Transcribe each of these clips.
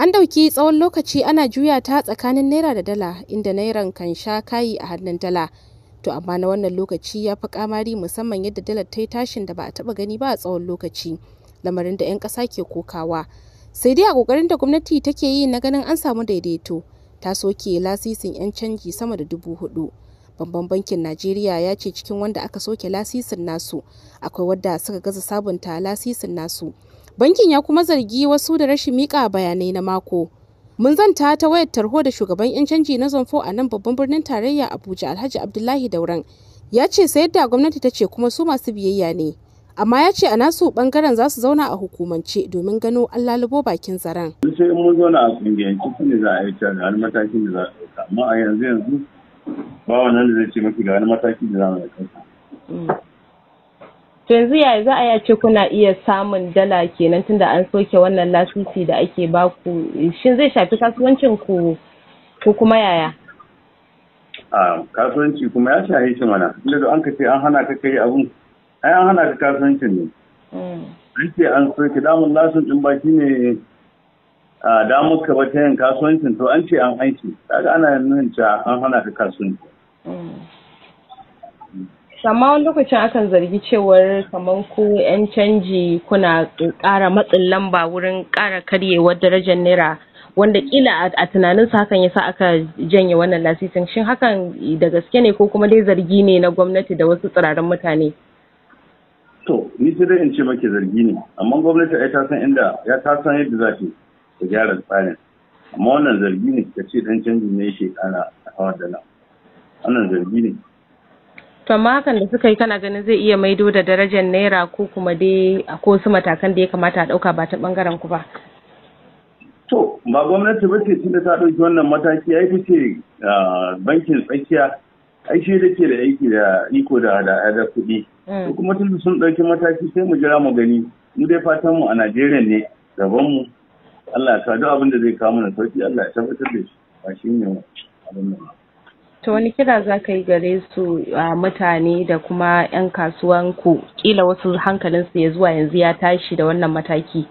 An ɗauki tsawon lokaci ana juya ta tsakanin naira da dala, inda nairan kan sha kayi a hannun dala, to amma na wannan lokaci ya fi ƙamari musamman yadda dalar ta yi tashin da ba a taɓa gani ba a tsawon lokaci, lamarin da 'yan ƙasa ke kokawa. Sai dai a ƙoƙarin da gwamnati take yi na ganin an samu daidaito, ta soke lasisin 'yan canji sama da dubu hudu. Babban bankin Najeriya ya ce cikin wanda aka soke lasisin nasu, akwai wadda suka gaza sabunta lasisin nasu. Bankin ya kuma zargi wasu da rashin mika bayanai na mako. Mun zanta ta wayar tarho da shugaban 'yan canji na Zonfo a nan babban birnin tarayya Abuja Alhaji Abdullahi Dauran. Ya ce sayar da gwamnati ta ce kuma su masu biyayya ne. Amma ya ce a nasu bangaren za su zauna a hukumance domin gano an lalubo bakin zaren. Sun in mun zauna a kungiyar ciki ne za a yi canza matakin da za a ɗauka. Amma a yanzu yanzu ba wannan da zai ce mafi ga wani mataki da za ɗauka. to yanzu yaya za a yi ce kuna iya samun dala kenan tunda an soke wannan lasisi da ake baku shin zai shafi kasuwancin ku ko kuma yaya a kasuwanci kuma ya shahi shi mana inda da an ka ce an hana ka kai abun ai an hana ka kasuwancin ne mm. an ce an soke damun lasin din baki ne a damar ka ba ta yin kasuwancin to an ce an aiki kaga ana nuna an hana ka kasuwanci mm. Mm. amma wani lokacin akan zargi cewar kamar ku 'yan canji kuna ƙara matsin lamba wurin ƙara karyewar darajar naira wanda kila a tunaninsa hakan yasa aka janye wannan lasisin shin hakan da gaske ne ko kuma dai zargi ne na gwamnati da wasu tsirarin mutane to ni sai dai in ce maki zargi ne amma gwamnati ai ta san inda ya ta san yadda za ta gyara tsarin amma wannan zargi ne ka ce dan canji ne yake kawar da dala wannan zargi ne to amma hakan da suka yi kana ganin zai iya maido da darajar naira ko kuma dai ko su matakan da ya kamata a ɗauka ba ta ɓangaren ku ba to ba gwamnati ba ce tunda ta dauki wannan mataki ai ce bankin tsakiya ai shi da ke da aiki da iko da da kuɗi mm. to kuma tunda sun ɗauki mataki sai mu jira mu gani mu dai fatan mu a Najeriya ne gaban mu Allah ya sa duk abin da zai kawo mana sauki Allah ya tabbatar da shi ba shi ne abin To wani kira za ka yi gare su a mutane da kuma 'yan kasuwan ku kila wasu hankalinsu ya zuwa yanzu ya tashi da wannan mataki?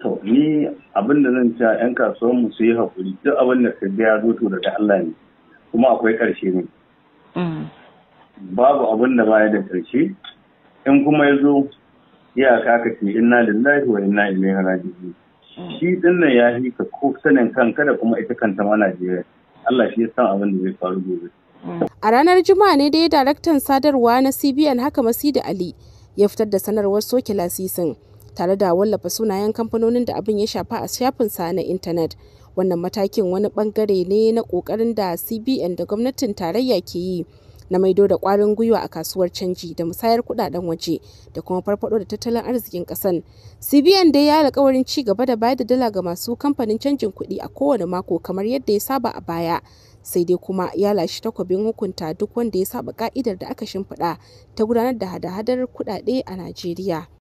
To ni abin da zan ta 'yan kasuwan mu su yi haƙuri duk abin da ka ya zo to daga Allah ne kuma akwai ƙarshe ne. Mm. Babu abin da baya da ƙarshe in kuma ya zo ya ka ce inna lillahi wa inna ilaihi raji'un. Mm. Shi dinnan ya hika ko sanin kanka da kuma ita kanta ma Najeriya. Allah shi ya san abin da zai faru gobe. A ranar Juma'a ne dai daraktan sadarwa na CBN haka Masidi Ali ya fitar da sanarwar soke lasisin tare da wallafa sunayen kamfanonin da abin ya shafa a shafinsa na intanet. Wannan matakin wani bangare ne na ƙoƙarin da CBN da gwamnatin tarayya ke yi na maido da kwarin gwiwa a kasuwar canji da musayar kudaden waje da kuma farfado da tattalin arzikin kasan cbn dai ya yi alkawarin ci gaba da bayar da dala ga masu kamfanin canjin kuɗi a kowane mako kamar yadda ya saba a baya sai dai kuma ya lashe takwabin hukunta duk wanda ya saba ka'idar da aka shimfiɗa ta gudanar da hada-hadar kuɗaɗe a najeriya